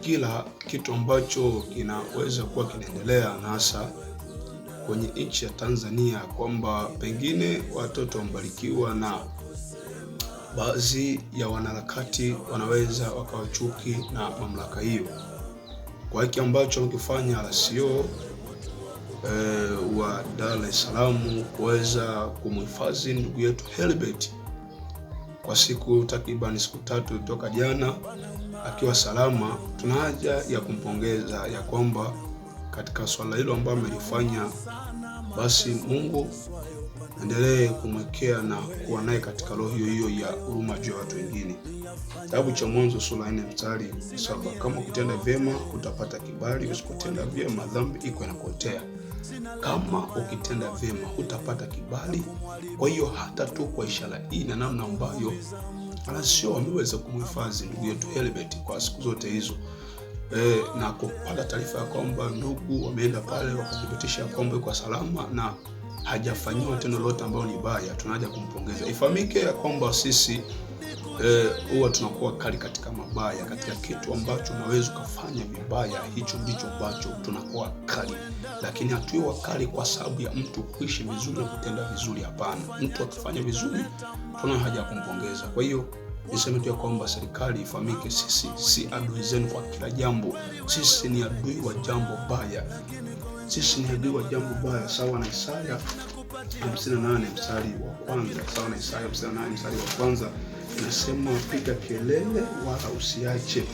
Kila kitu ambacho kinaweza kuwa kinaendelea na hasa kwenye nchi ya Tanzania, kwamba pengine watoto wamebarikiwa na baadhi ya wanaharakati wanaweza wakawa chuki na mamlaka hiyo, kwa hiki ambacho wamekifanya RCO e, eh, wa Dar es Salaam kuweza kumhifadhi ndugu yetu Helbert kwa siku takriban siku tatu toka jana akiwa salama, tuna haja ya kumpongeza ya kwamba katika swala hilo ambayo amelifanya, basi Mungu endelee kumwekea na kuwa naye katika roho hiyo hiyo ya huruma juu ya watu wengine. Kitabu cha Mwanzo sura ya nne mstari saba kama ukitenda vyema utapata kibali, usipotenda vyema dhambi iko inakuotea. Kama ukitenda vyema utapata kibali. Kwa hiyo hata tu kwa ishara hii na namna ambayo Anashauri wameweza kumhifadhi ndugu yetu Helbert kwa siku zote hizo e, na kupata taarifa ya kwamba ndugu wameenda pale wakathibitisha kwamba kwa salama na hajafanyiwa tendo lolote ambalo ni baya, tunaja kumpongeza. Ifahamike ya kwamba sisi Eh, huwa e, tunakuwa kali katika mabaya, katika kitu ambacho unaweza ukafanya vibaya, hicho ndicho ambacho tunakuwa kali, lakini hatuwe wakali kwa sababu ya mtu kuishi vizuri na kutenda vizuri. Hapana, mtu akifanya vizuri tunayo haja ya kumpongeza. Kwa hiyo niseme tu ya kwamba serikali ifahamike, sisi si adui zenu kwa kila jambo, sisi ni adui wa jambo baya, sisi ni adui wa jambo baya, sawa na Isaya 58 mstari wa kwanza, sawa na Isaya 58 mstari wa kwanza. Nasema piga kelele wala usiache,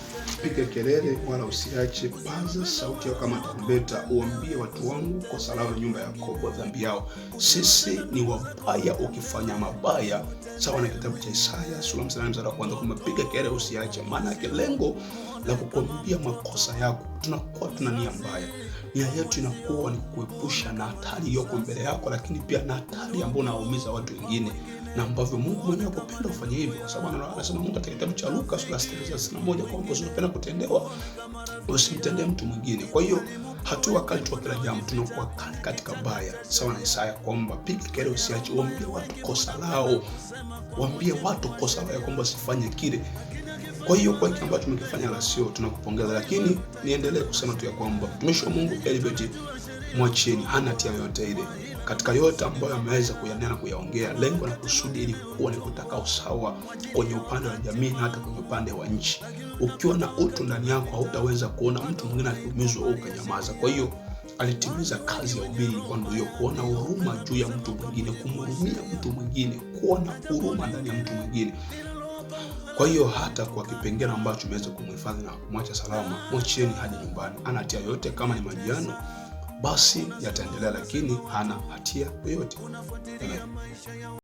piga kelele wala usiache, paza sauti yako kama tarumbeta, uambie watu wangu kwa kwasalao na nyumba ya Yakobo dhambi yao. Sisi ni wabaya ukifanya mabaya, sawa na kitabu cha Isaya sura ya na mstari wa kwanza kwamba piga kelele usiache, maana yake lengo la kukuambia makosa yako, tunakuwa tuna nia mbaya Nia yetu inakuwa ni kuepusha na hatari iliyoko mbele yako, lakini pia na hatari ambayo unawaumiza watu wengine, na ambavyo Mungu mwenyewe akupenda ufanye hivyo, kwa sababu anasema Mungu katika kitabu cha Luka sura ya 6:31 kwamba usipende kutendewa usimtendee mtu mwingine. Kwa hiyo hatua kali tu kila jambo tunakuwa kali katika baya, sawa na Isaya kwamba piga kelele, usiache, waambie watu kosa lao, waambie watu kosa lao, kwamba sifanye kile kwa hiyo kwa hiki ambacho umekifanya la sio, tunakupongeza, lakini niendelee kusema tu ya kwamba mtumishi wa Mungu Elbert mwachieni, hana hatia yoyote ile katika yote ambayo ameweza kuyanena na kuyaongea, lengo na kusudi ilikuwa ni kutaka usawa kwenye upande wa jamii na hata kwenye upande wa nchi. Ukiwa na utu ndani yako, hautaweza kuona mtu mwingine akiumizwa au ukanyamaza. Kwa hiyo alitimiza kazi ya ubiri hiyo, kuona huruma juu ya mtu mwingine, kumhurumia mtu mwingine, kuona huruma ndani ya mtu mwingine. Kwa hiyo hata kwa kipengele ambacho umeweza kumhifadhi na kumwacha salama, mwachieni hadi nyumbani. Ana hatia yoyote Kama ni majiano basi yataendelea, lakini hana hatia yoyote.